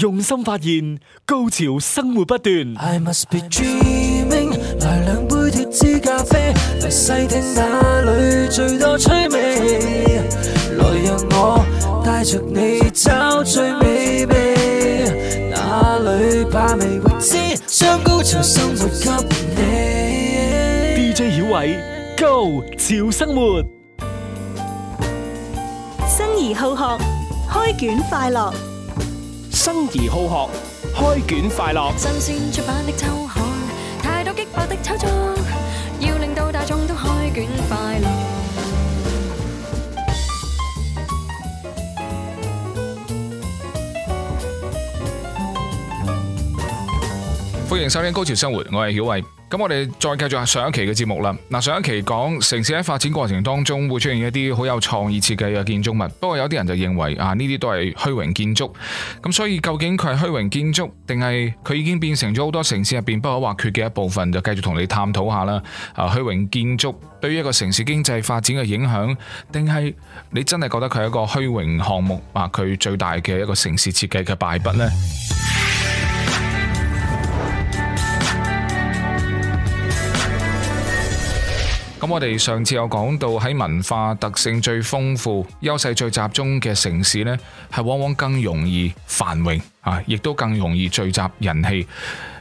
用心發現高潮生活不斷。I must be dreaming，來兩杯脫脂咖啡，來細聽那裏最多趣味。來讓我帶着你找最美味，哪裏怕味未會知，將高潮生活給你。DJ 曉偉，高潮生活，生而好學，開卷快樂。生而好學，開卷快樂。收聽高潮生活，我係曉慧，咁我哋再繼續上一期嘅節目啦。嗱，上一期講城市喺發展過程當中會出現一啲好有創意設計嘅建築物，不過有啲人就認為啊呢啲都係虛榮建築，咁所以究竟佢係虛榮建築定係佢已經變成咗好多城市入邊不可或缺嘅一部分？就繼續同你探討下啦。啊，虛榮建築對於一個城市經濟發展嘅影響，定係你真係覺得佢係一個虛榮項目啊？佢最大嘅一個城市設計嘅敗筆呢？咁我哋上次有講到喺文化特性最豐富、優勢最集中嘅城市呢，係往往更容易繁榮，啊，亦都更容易聚集人氣。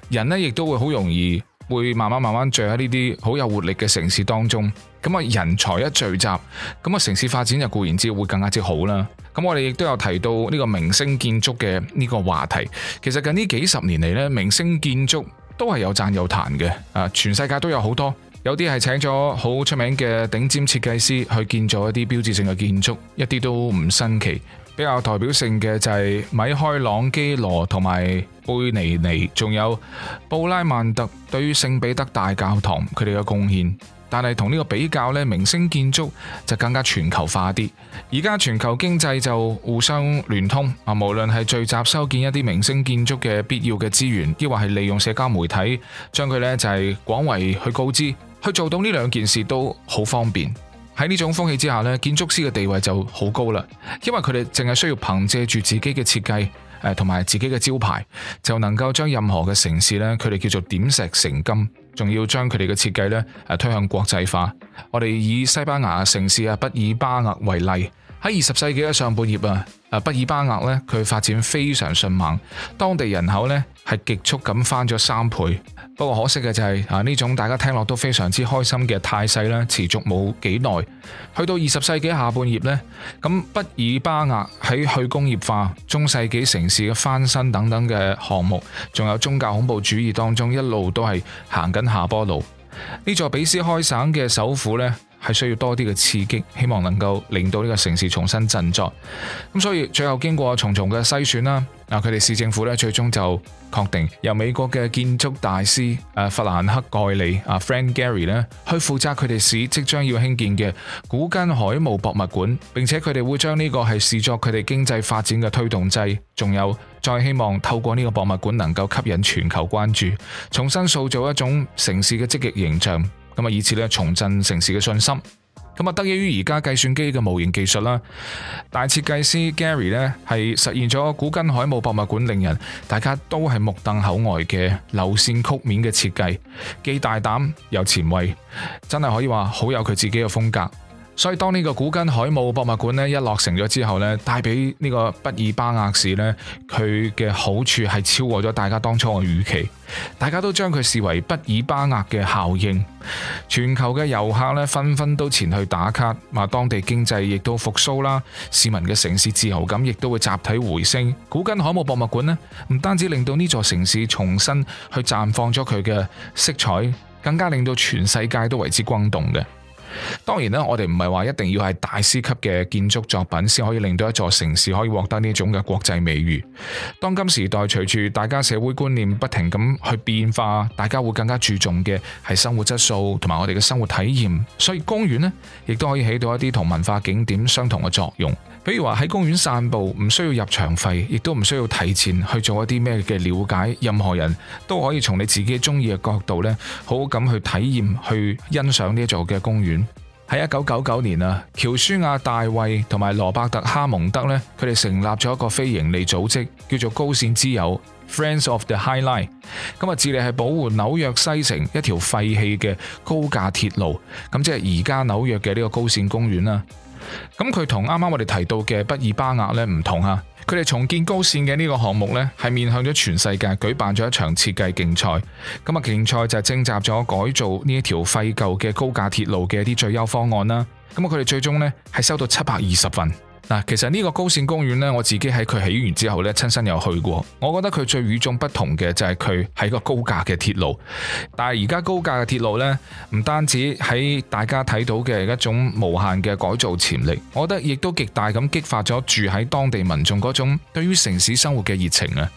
人呢，亦都會好容易會慢慢慢慢聚喺呢啲好有活力嘅城市當中。咁啊，人才一聚集，咁啊，城市發展就固然之會更加之好啦。咁我哋亦都有提到呢個明星建築嘅呢個話題。其實近呢幾十年嚟呢，「明星建築」都係有贊有彈嘅，啊，全世界都有好多。有啲係請咗好出名嘅頂尖設計師去建造一啲標誌性嘅建築，一啲都唔新奇。比較代表性嘅就係米開朗基羅同埋貝尼尼，仲有布拉曼特對於聖彼得大教堂佢哋嘅貢獻。但係同呢個比較呢，明星建築就更加全球化啲。而家全球經濟就互相聯通，啊，無論係聚集修建一啲明星建築嘅必要嘅資源，亦或係利用社交媒體將佢呢就係廣為去告知。去做到呢兩件事都好方便。喺呢種風氣之下咧，建築師嘅地位就好高啦，因為佢哋淨係需要憑借住自己嘅設計誒，同埋自己嘅招牌，就能夠將任何嘅城市呢，佢哋叫做點石成金，仲要將佢哋嘅設計呢誒推向國際化。我哋以西班牙城市啊畢爾巴鄂為例，喺二十世紀嘅上半葉啊。啊，畢爾巴鄂咧，佢發展非常迅猛，當地人口咧係極速咁翻咗三倍。不過可惜嘅就係、是、啊，呢種大家聽落都非常之開心嘅態勢咧，持續冇幾耐。去到二十世紀下半葉呢，咁畢爾巴鄂喺去工業化、中世紀城市嘅翻新等等嘅項目，仲有宗教恐怖主義當中一路都係行緊下坡路。呢座比斯開省嘅首府咧，係需要多啲嘅刺激，希望能夠令到呢個城市重新振作。咁所以最後經過重重嘅篩選啦，嗱，佢哋市政府咧最終就確定由美國嘅建築大師誒、啊、弗蘭克蓋里啊 Frank Gehry 咧去負責佢哋市即將要興建嘅古根海姆博物館，並且佢哋會將呢個係視作佢哋經濟發展嘅推動劑，仲有再希望透過呢個博物館能夠吸引全球關注，重新塑造一種城市嘅積極形象。咁啊，以此咧重振城市嘅信心。咁啊，得益於而家計算機嘅模型技術啦，大設計師 Gary 呢，係實現咗古根海姆博物館令人大家都係目瞪口呆嘅流線曲面嘅設計，既大膽又前衛，真係可以話好有佢自己嘅風格。所以當呢個古根海姆博物館咧一落成咗之後咧，帶俾呢個畢爾巴鄂市咧，佢嘅好處係超過咗大家當初嘅預期，大家都將佢視為畢爾巴鄂嘅效應。全球嘅遊客呢，紛紛都前去打卡，啊當地經濟亦都復甦啦，市民嘅城市自豪感亦都會集體回升。古根海姆博物館呢，唔單止令到呢座城市重新去綻放咗佢嘅色彩，更加令到全世界都為之轟動嘅。當然啦，我哋唔係話一定要係大師級嘅建築作品先可以令到一座城市可以獲得呢種嘅國際美譽。當今時代，隨住大家社會觀念不停咁去變化，大家會更加注重嘅係生活質素同埋我哋嘅生活體驗，所以公園呢，亦都可以起到一啲同文化景點相同嘅作用。比如話喺公園散步唔需要入場費，亦都唔需要提前去做一啲咩嘅了解，任何人都可以從你自己中意嘅角度咧，好好咁去體驗、去欣賞呢一座嘅公園。喺一九九九年啊，喬舒亞·大衛同埋羅伯特·哈蒙德咧，佢哋成立咗一個非營利組織，叫做高綫之友 （Friends of the High Line）。咁就致力係保護紐約西城一條廢棄嘅高架鐵路，咁即係而家紐約嘅呢個高綫公園啦。咁佢同啱啱我哋提到嘅畢爾巴鄂咧唔同啊，佢哋重建高線嘅呢個項目咧係面向咗全世界舉辦咗一場設計競賽，咁啊競賽就徵集咗改造呢一條廢舊嘅高架鐵路嘅一啲最優方案啦，咁啊佢哋最終咧係收到七百二十份。嗱，其實呢個高線公園呢，我自己喺佢起完之後呢，親身有去過，我覺得佢最與眾不同嘅就係佢係一個高架嘅鐵路。但係而家高架嘅鐵路呢，唔單止喺大家睇到嘅一種無限嘅改造潛力，我覺得亦都極大咁激發咗住喺當地民眾嗰種對於城市生活嘅熱情啊！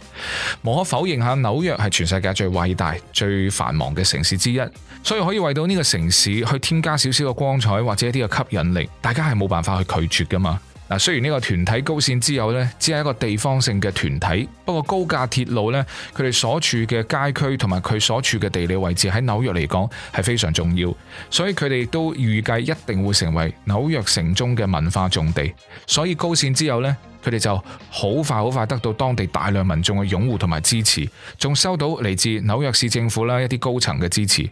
無可否認，下紐約係全世界最偉大、最繁忙嘅城市之一，所以可以為到呢個城市去添加少少嘅光彩或者一啲嘅吸引力，大家係冇辦法去拒絕噶嘛。嗱，雖然呢個團體高線之友呢只係一個地方性嘅團體，不過高架鐵路呢，佢哋所處嘅街區同埋佢所處嘅地理位置喺紐約嚟講係非常重要，所以佢哋都預計一定會成為紐約城中嘅文化重地。所以高線之友呢，佢哋就好快好快得到當地大量民眾嘅擁護同埋支持，仲收到嚟自紐約市政府啦一啲高層嘅支持。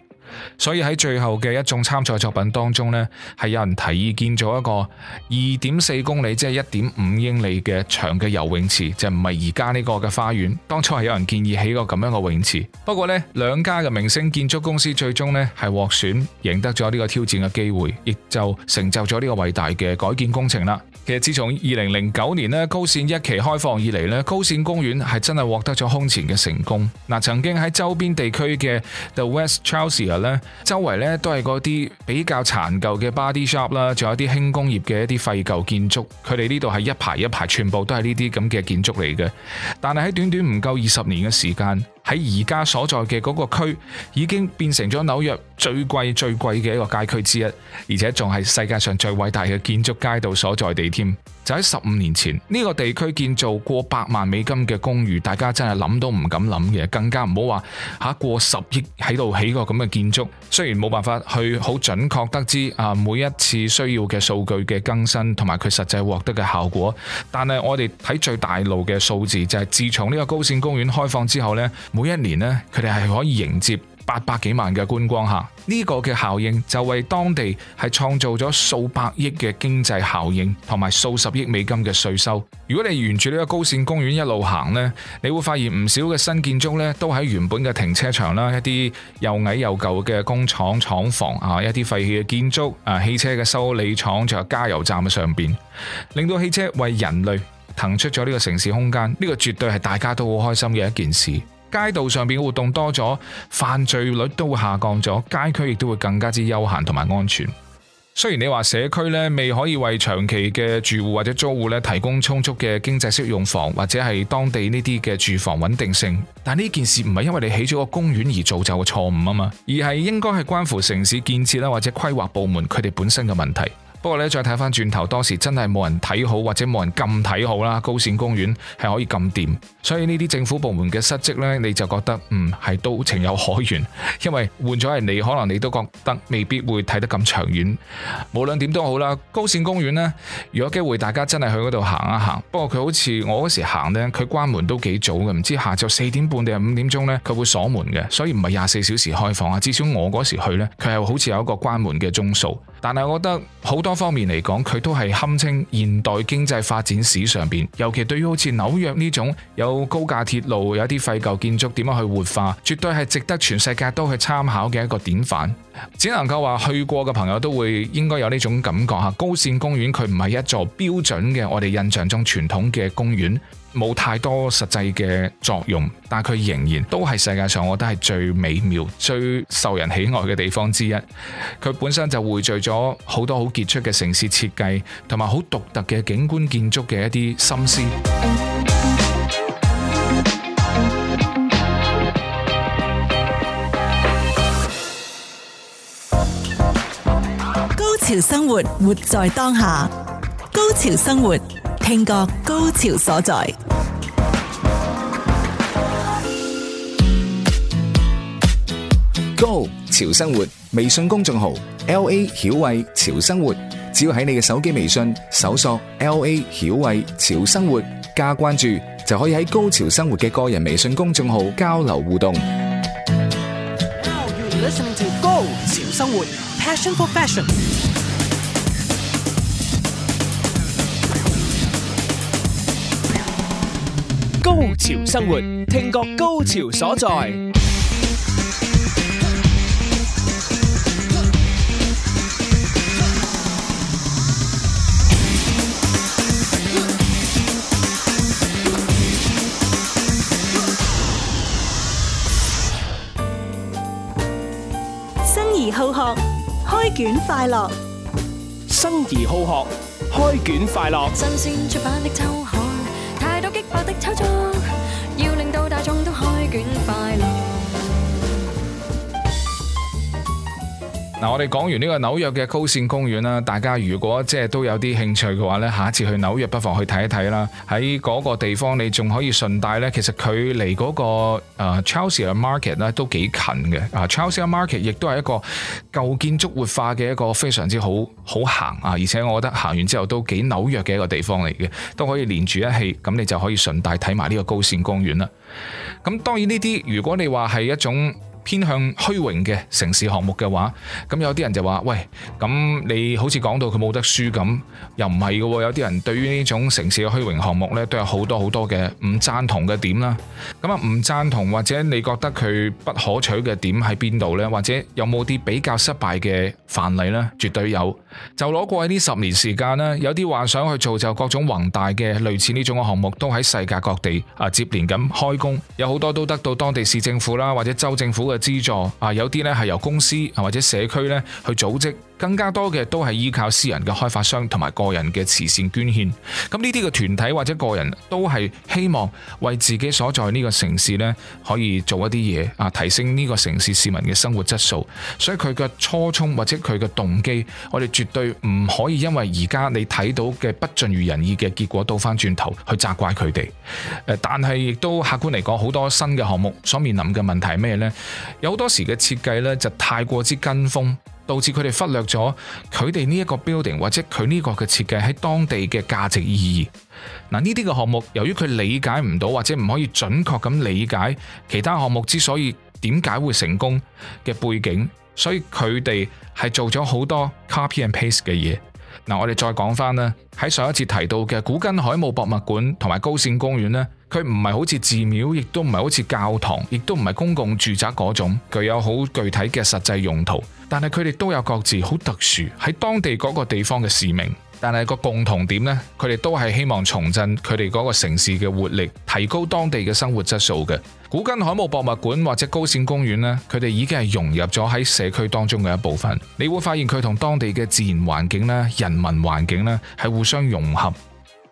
所以喺最後嘅一眾參賽作品當中呢，係有人提議建造一個二點四公里，即係一點五英里嘅長嘅游泳池，就唔係而家呢個嘅花園。當初係有人建議起個咁樣嘅泳池，不過呢，兩家嘅明星建築公司最終呢係獲選，贏得咗呢個挑戰嘅機會，亦就成就咗呢個偉大嘅改建工程啦。其實自從二零零九年咧，高線一期開放以嚟咧，高線公園係真係獲得咗空前嘅成功。嗱，曾經喺周邊地區嘅 The West Chelsea 咧，周圍咧都係嗰啲比較殘舊嘅 Body Shop 啦，仲有啲輕工業嘅一啲廢舊建築，佢哋呢度係一排一排全部都係呢啲咁嘅建築嚟嘅。但係喺短短唔夠二十年嘅時間。喺而家所在嘅嗰個區已經變成咗紐約最貴最貴嘅一個街區之一，而且仲係世界上最偉大嘅建築街道所在地添。就喺十五年前，呢個地區建造過百萬美金嘅公寓，大家真係諗都唔敢諗嘅，更加唔好話吓過十億喺度起個咁嘅建築。雖然冇辦法去好準確得知啊每一次需要嘅數據嘅更新同埋佢實際獲得嘅效果，但係我哋睇最大路嘅數字就係自從呢個高線公園開放之後咧。每一年咧，佢哋係可以迎接八百幾萬嘅觀光客，呢個嘅效應就為當地係創造咗數百億嘅經濟效應，同埋數十億美金嘅稅收。如果你沿住呢個高線公園一路行呢，你會發現唔少嘅新建築呢都喺原本嘅停車場啦，一啲又矮又舊嘅工廠廠房啊，一啲廢棄嘅建築啊，汽車嘅修理廠，仲有加油站嘅上邊，令到汽車為人類騰出咗呢個城市空間。呢個絕對係大家都好開心嘅一件事。街道上邊嘅活動多咗，犯罪率都會下降咗，街區亦都會更加之悠閒同埋安全。雖然你話社區咧未可以為長期嘅住戶或者租戶咧提供充足嘅經濟適用房，或者係當地呢啲嘅住房穩定性，但呢件事唔係因為你起咗個公園而造就嘅錯誤啊嘛，而係應該係關乎城市建設啦或者規劃部門佢哋本身嘅問題。不過咧，再睇翻轉頭，當時真係冇人睇好，或者冇人咁睇好啦。高線公園係可以咁掂，所以呢啲政府部門嘅失職呢，你就覺得唔係、嗯、都情有可原。因為換咗係你，可能你都覺得未必會睇得咁長遠。無論點都好啦，高線公園呢，如果機會大家真係去嗰度行一行。不過佢好似我嗰時行呢，佢關門都幾早嘅，唔知下晝四點半定係五點鐘呢，佢會鎖門嘅，所以唔係廿四小時開放啊。至少我嗰時去呢，佢係好似有一個關門嘅鐘數。但係我覺得好多方面嚟講，佢都係堪稱現代經濟發展史上邊，尤其對於好似紐約呢種有高架鐵路、有啲廢舊建築，點樣去活化，絕對係值得全世界都去參考嘅一個典範。只能夠話去過嘅朋友都會應該有呢種感覺吓。高線公園佢唔係一座標準嘅我哋印象中傳統嘅公園。冇太多實際嘅作用，但佢仍然都係世界上，我覺得係最美妙、最受人喜愛嘅地方之一。佢本身就匯聚咗好多好傑出嘅城市設計，同埋好獨特嘅景觀建築嘅一啲心思。高潮生活，活在當下。高潮生活。聽覺高潮所在，Go 潮生活微信公眾號 L A 曉慧潮生活，只要喺你嘅手機微信搜索 L A 曉慧潮生活加關注，就可以喺高潮生活嘅個人微信公眾號交流互動。Now you listening to Go 潮生活，Passion for Fashion。高潮生活，聽覺高潮所在。生而好學，開卷快樂。生而好學，開卷快樂。嗱、啊，我哋講完呢個紐約嘅高線公園啦，大家如果即係都有啲興趣嘅話呢，下一次去紐約不妨去睇一睇啦。喺嗰個地方你仲可以順帶呢，其實距離嗰、嗰個誒、呃、Chelsea Market 咧，都幾近嘅。啊 Chelsea Market 亦都係一個舊建築活化嘅一個非常之好好行啊！而且我覺得行完之後都幾紐約嘅一個地方嚟嘅，都可以連住一氣。咁你就可以順帶睇埋呢個高線公園啦。咁當然呢啲，如果你話係一種。偏向虛榮嘅城市項目嘅話，咁有啲人就話：喂，咁你好似講到佢冇得輸咁，又唔係嘅喎。有啲人對於呢種城市嘅虛榮項目呢，都有好多好多嘅唔贊同嘅點啦。咁啊，唔贊同或者你覺得佢不可取嘅點喺邊度呢？或者有冇啲比較失敗嘅範例呢？絕對有，就攞過喺呢十年時間呢，有啲幻想去造就各種宏大嘅類似呢種嘅項目，都喺世界各地啊接連咁開工，有好多都得到當地市政府啦或者州政府嘅資助啊，有啲咧係由公司啊或者社區咧去組織。更加多嘅都係依靠私人嘅開發商同埋個人嘅慈善捐獻，咁呢啲嘅團體或者個人都係希望為自己所在呢個城市呢可以做一啲嘢啊，提升呢個城市市民嘅生活質素。所以佢嘅初衷或者佢嘅動機，我哋絕對唔可以因為而家你睇到嘅不盡如人意嘅結果，倒翻轉頭去責怪佢哋。但係亦都客觀嚟講，好多新嘅項目所面臨嘅問題咩呢？有好多時嘅設計呢就太過之跟風。導致佢哋忽略咗佢哋呢一個 building 或者佢呢個嘅設計喺當地嘅價值意義。嗱呢啲嘅項目，由於佢理解唔到或者唔可以準確咁理解其他項目之所以點解會成功嘅背景，語言所以佢哋係做咗好多 copy and paste 嘅嘢。嗱語言語言，我哋再講返啦，喺上一次提到嘅古根海姆博物館同埋高線公園呢。佢唔係好似寺廟，亦都唔係好似教堂，亦都唔係公共住宅嗰種，具有好具體嘅實際用途。但係佢哋都有各自好特殊喺當地嗰個地方嘅使命。但係個共同點呢，佢哋都係希望重振佢哋嗰個城市嘅活力，提高當地嘅生活質素嘅。古根海姆博物館或者高線公園呢，佢哋已經係融入咗喺社區當中嘅一部分。你會發現佢同當地嘅自然環境咧、人文環境咧係互相融合。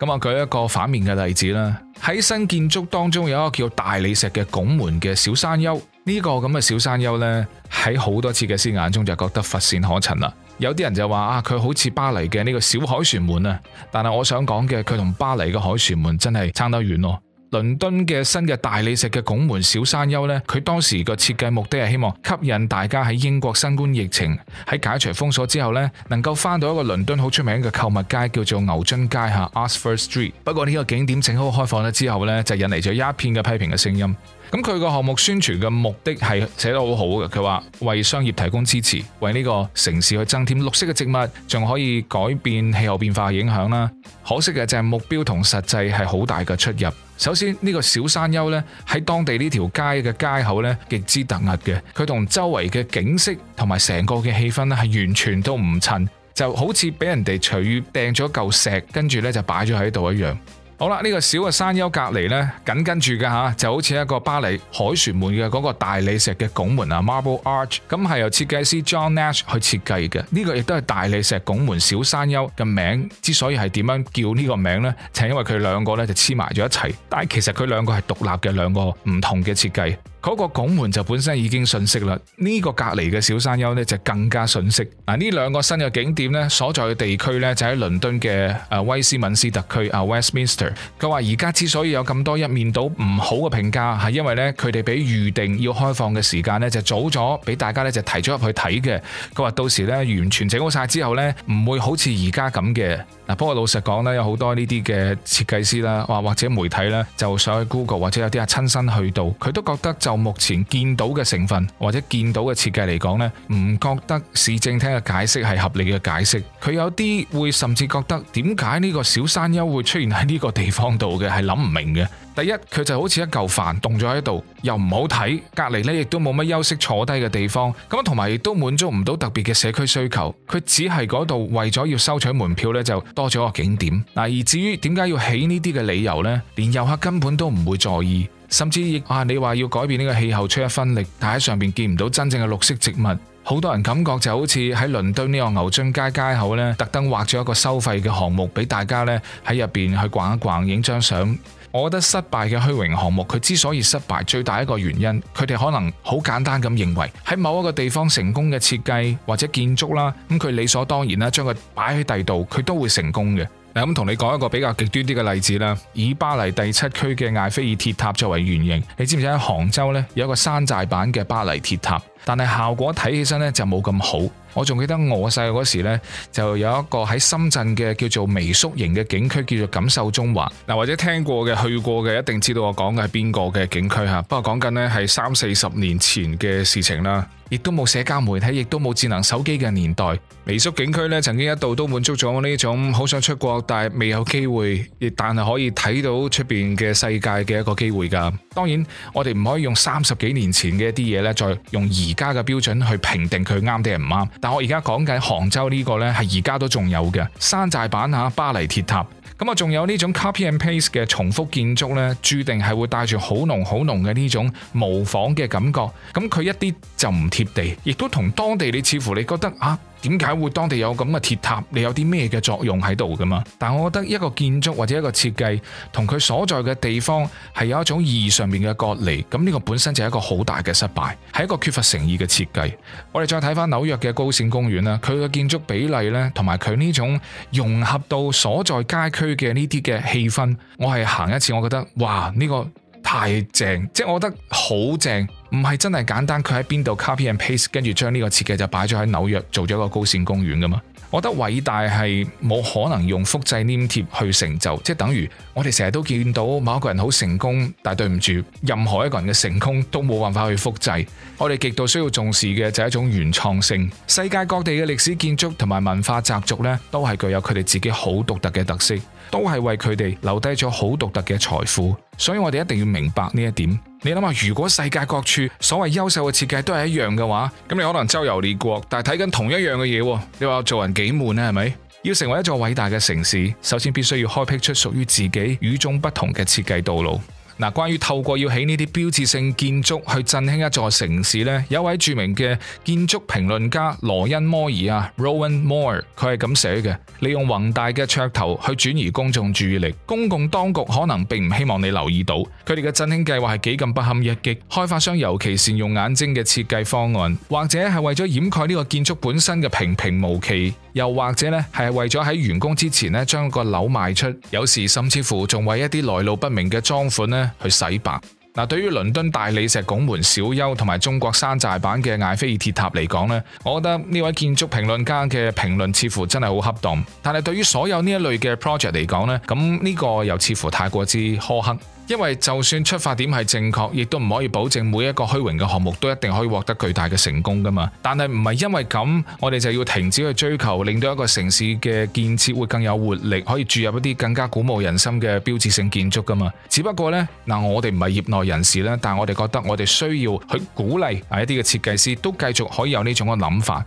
咁啊，舉一個反面嘅例子啦，喺新建築當中有一個叫大理石嘅拱門嘅小山丘，呢、這個咁嘅小山丘咧，喺好多設計師眼中就覺得乏善可陳啦。有啲人就話啊，佢好似巴黎嘅呢個小凱旋門啊，但係我想講嘅，佢同巴黎嘅凱旋門真係差得遠咯。倫敦嘅新嘅大理石嘅拱門小山丘呢，佢當時個設計目的係希望吸引大家喺英國新冠疫情喺解除封鎖之後呢，能夠翻到一個倫敦好出名嘅購物街叫做牛津街吓 （Oxford Street）。不過呢個景點整好開放咗之後呢，就引嚟咗一片嘅批評嘅聲音。咁佢個項目宣傳嘅目的係寫得好好嘅，佢話為商業提供支持，為呢個城市去增添綠色嘅植物，仲可以改變氣候變化嘅影響啦。可惜嘅就係目標同實際係好大嘅出入。首先呢個小山丘呢，喺當地呢條街嘅街口呢，極之突兀嘅，佢同周圍嘅景色同埋成個嘅氣氛呢，係完全都唔襯，就好似俾人哋隨意掟咗嚿石，跟住呢就擺咗喺度一樣。好啦，呢個小嘅山丘隔離呢，緊跟住嘅吓，就好似一個巴黎凱旋門嘅嗰個大理石嘅拱門啊，Marble Arch，咁係由設計師 John Nash 去設計嘅。呢個亦都係大理石拱門小山丘嘅名，之所以係點樣叫呢個名呢，就係因為佢兩個呢就黐埋咗一齊，但係其實佢兩個係獨立嘅兩個唔同嘅設計。嗰個拱門就本身已經瞬息啦，呢、這個隔離嘅小山丘呢，就更加瞬息。嗱、啊，呢兩個新嘅景點呢，所在嘅地區呢，就喺倫敦嘅誒威斯敏斯特區啊 Westminster。佢話而家之所以有咁多一面倒唔好嘅評價，係因為呢，佢哋俾預定要開放嘅時間呢，就早咗，俾大家呢，就提咗入去睇嘅。佢話到時呢，完全整好晒之後呢，唔會好似而家咁嘅。嗱、啊，不過老實講咧，有好多呢啲嘅設計師啦，或或者媒體呢，就想去 Google 或者有啲啊親身去到，佢都覺得就。就目前見到嘅成分，或者見到嘅設計嚟講呢，唔覺得市政廳嘅解釋係合理嘅解釋。佢有啲會甚至覺得點解呢個小山丘會出現喺呢個地方度嘅係諗唔明嘅。第一，佢就好似一嚿飯凍咗喺度，又唔好睇，隔離呢亦都冇乜休息坐低嘅地方。咁同埋亦都滿足唔到特別嘅社區需求。佢只係嗰度為咗要收取門票呢，就多咗個景點嗱。而至於點解要起呢啲嘅理由呢，連遊客根本都唔會在意。甚至亦啊，你話要改變呢個氣候，出一分力，但喺上邊見唔到真正嘅綠色植物，好多人感覺就好似喺倫敦呢個牛津街街口咧，特登畫咗一個收費嘅項目俾大家咧，喺入邊去逛一逛，影張相。我覺得失敗嘅虛榮項目，佢之所以失敗，最大一個原因，佢哋可能好簡單咁認為，喺某一個地方成功嘅設計或者建築啦，咁佢理所當然啦，將佢擺喺第度，佢都會成功嘅。咁同你講一個比較極端啲嘅例子啦，以巴黎第七區嘅艾菲爾鐵塔作為原型，你知唔知喺杭州呢有一個山寨版嘅巴黎鐵塔，但係效果睇起身呢就冇咁好。我仲記得我細個嗰時呢，就有一個喺深圳嘅叫做微縮型嘅景區，叫做錦繡中華嗱，或者聽過嘅去過嘅一定知道我講嘅係邊個嘅景區吓。不過講緊呢係三四十年前嘅事情啦。亦都冇社交媒體，亦都冇智能手機嘅年代，微縮景區咧，曾經一度都滿足咗我呢種好想出國但係未有機會，亦但係可以睇到出邊嘅世界嘅一個機會噶。當然，我哋唔可以用三十幾年前嘅一啲嘢咧，再用而家嘅標準去評定佢啱定唔啱。但我而家講緊杭州呢個咧，係而家都仲有嘅山寨版嚇、啊、巴黎鐵塔。咁啊，仲有呢種 copy and paste 嘅重複建築呢，注定係會帶住好濃好濃嘅呢種模仿嘅感覺。咁佢一啲就唔貼地，亦都同當地你似乎你覺得啊。點解會當地有咁嘅鐵塔？你有啲咩嘅作用喺度噶嘛？但我覺得一個建築或者一個設計，同佢所在嘅地方係有一種意義上面嘅隔離，咁呢個本身就係一個好大嘅失敗，係一個缺乏誠意嘅設計。我哋再睇翻紐約嘅高線公園啦，佢嘅建築比例呢，同埋佢呢種融合到所在街區嘅呢啲嘅氣氛，我係行一次，我覺得哇，呢個太正，即係我覺得好正。唔係真係簡單，佢喺邊度 copy and paste，跟住將呢個設計就擺咗喺紐約做咗一個高線公園噶嘛。我覺得偉大係冇可能用複製黏貼去成就，即係等於我哋成日都見到某一個人好成功，但係對唔住，任何一個人嘅成功都冇辦法去複製。我哋極度需要重視嘅就係一種原創性。世界各地嘅歷史建築同埋文化習俗呢，都係具有佢哋自己好獨特嘅特色，都係為佢哋留低咗好獨特嘅財富。所以我哋一定要明白呢一點。你諗下，如果世界各處所謂優秀嘅設計都係一樣嘅話，咁你可能周遊列國，但係睇緊同一樣嘅嘢，你話做人幾悶咧？係咪？要成為一座偉大嘅城市，首先必須要開闢出屬於自己與眾不同嘅設計道路。嗱，關於透過要起呢啲標誌性建築去振興一座城市呢，有位著名嘅建築評論家羅恩摩爾啊 （Rowan Moore），佢係咁寫嘅：利用宏大嘅噱頭去轉移公眾注意力，公共當局可能並唔希望你留意到佢哋嘅振興計劃係幾咁不堪一擊。開發商尤其善用眼睛嘅設計方案，或者係為咗掩蓋呢個建築本身嘅平平無奇，又或者呢係為咗喺完工之前咧將個樓賣出，有時甚至乎仲為一啲來路不明嘅贓款咧，去洗白嗱，對於倫敦大理石拱門、小丘同埋中國山寨版嘅艾菲爾鐵塔嚟講呢，我覺得呢位建築評論家嘅評論似乎真係好恰當，但係對於所有呢一類嘅 project 嚟講呢咁、這、呢個又似乎太過之苛刻。因為就算出發點係正確，亦都唔可以保證每一個虛榮嘅項目都一定可以獲得巨大嘅成功噶嘛。但係唔係因為咁，我哋就要停止去追求，令到一個城市嘅建設會更有活力，可以注入一啲更加鼓舞人心嘅標誌性建築噶嘛。只不過呢，嗱我哋唔係業內人士啦，但我哋覺得我哋需要去鼓勵啊一啲嘅設計師都繼續可以有呢種嘅諗法。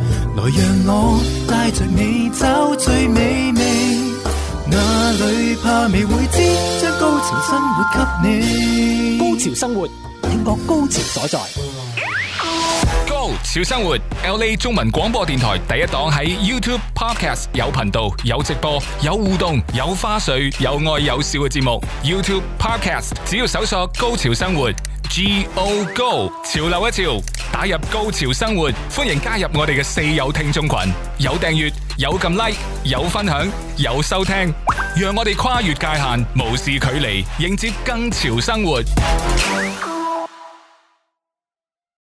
來讓我帶着你找最美味，哪裏怕未會知，將高潮生活給你。高潮生活，聽我高潮所在。高潮生活，LA 中文廣播電台第一檔，喺 YouTube podcast 有頻道、有直播、有互動、有花絮、有愛有笑嘅節目。YouTube podcast 只要搜索“高潮生活”。G O Go，潮流一潮，打入高潮生活，歡迎加入我哋嘅四友聽眾群，有訂閱，有撳 like，有分享，有收聽，讓我哋跨越界限，無視距離，迎接更潮生活。